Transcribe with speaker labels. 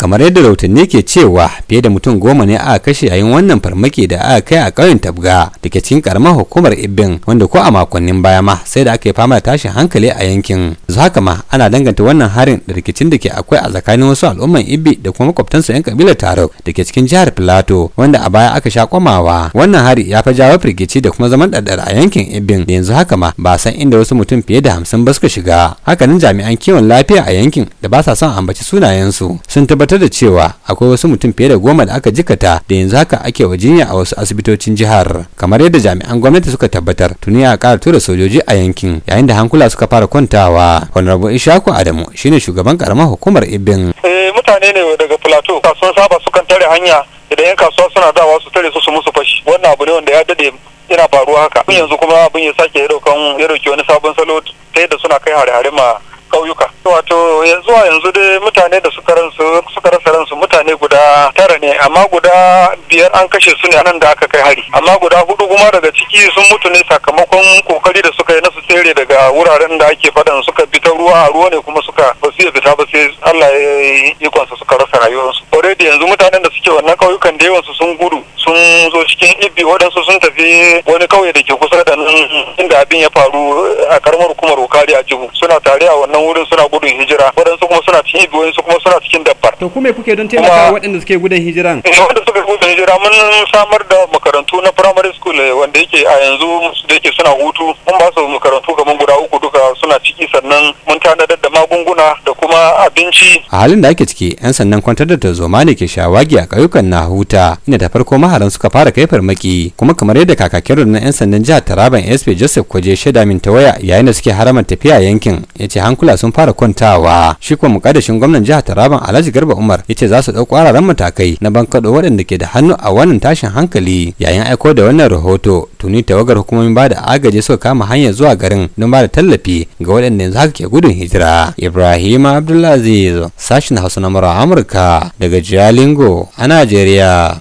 Speaker 1: kamar yadda rahotanni ke cewa fiye da mutum goma ne a kashe yayin wannan farmaki da aka kai a ƙauyen tabga da ke cikin karamar hukumar ibbin wanda ko a makonnin baya ma sai da aka yi fama da tashin hankali a yankin su haka ma ana danganta wannan harin da rikicin da ke akwai a tsakanin wasu al'umman ibbi da kuma makwabtansu yan kabilar tarok da ke cikin jihar filato wanda a baya aka sha kwamawa wannan hari ya fa jawo firgici da kuma zaman ɗaɗɗar a yankin ibin da yanzu haka ma ba san inda wasu mutum fiye da hamsin ba suka shiga hakanan jami'an kiwon lafiya a yankin da ba sa son ambaci sunayensu sun tabbatar tabbatar da cewa akwai wasu mutum fiye da goma da aka jikata da yanzu haka ake wa jinya a wasu asibitocin jihar kamar yadda jami'an gwamnati suka tabbatar tuni a kara tura sojoji a yankin yayin da hankula suka fara kwantawa honorable ishaku adamu shine shugaban karamar hukumar ibin
Speaker 2: eh, mutane ne daga plateau kasuwar saba sukan tare hanya idan yan kasuwa suna da su tare su su musu fashi wannan abu ne wanda ya dade yana faruwa haka yanzu kuma abin ya sake ya dauki wani sabon salo ta yadda suna kai hare-hare ma ƙauyuka wato yanzu zuwa yanzu dai mutane da suka ransu suka rasa ransu mutane guda tara ne amma guda biyar an kashe su ne anan da aka kai hari amma guda hudu kuma daga ciki sun mutu ne sakamakon kokari da suka yi na su tsere daga wuraren da ake fadan suka bi ta ruwa a ruwa ne kuma suka ba su iya fita ba sai Allah ya yi ikonsa suka rasa rayuwarsu already yanzu mutanen da suke wannan kauyukan da yawansu sun gudu sun zo cikin ibi waɗansu sun tafi wani kauye da ke kusa da nan inda abin ya faru a karamar hukumar wukari a jibu suna tare a wannan wurin suna gudun hijira waɗansu kuma suna cikin ibi waɗansu kuma suna cikin dabbar. to kuma
Speaker 1: kuke don taimaka waɗanda suke gudun hijiran. Eh, waɗanda suke gudun hijira mun samar da makarantu na primary school eh, wanda yake
Speaker 2: a yanzu da yake suna hutu mun ba su makarantu kamar guda uku duka suna ciki sannan mun tanadar magunguna da kuma abinci
Speaker 1: a halin da ake ciki yan sannan kwantar da tarzoma ne ke shawagi a ƙauyukan na huta inda da farko maharan suka fara kai farmaki kuma kamar yadda kakakin rundunar yan sandan jihar taraban sp joseph kwaje shaida min ta waya yayin da suke haramar tafiya yankin ya ce hankula sun fara kwantawa shi kuma mukaddashin gwamnan jihar taraban alhaji garba umar ya ce za su ɗau ƙwararren matakai na bankaɗo waɗanda ke da hannu a wannan tashin hankali yayin aiko da wannan rahoto tuni tawagar hukumomin ba da agaji suka kama hanyar zuwa garin don ba da tallafi ga waɗanda yanzu haka ke gudun hijira Ibrahim Abdulaziz sashin Hausa na Amurka daga Jalingo a Najeriya.